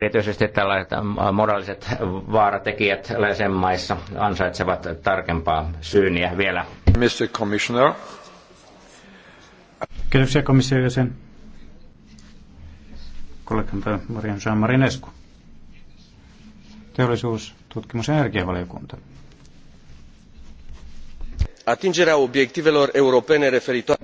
Erityisesti tällaiset moraaliset vaaratekijät jäsenmaissa ansaitsevat tarkempaa syyniä vielä. Mr. Commissioner. Kiitoksia komission jäsen. Kollegan Marian Jean Marinescu. Teollisuus, tutkimus- ja energiavaliokunta. Atingerea obiectivelor europene referitoare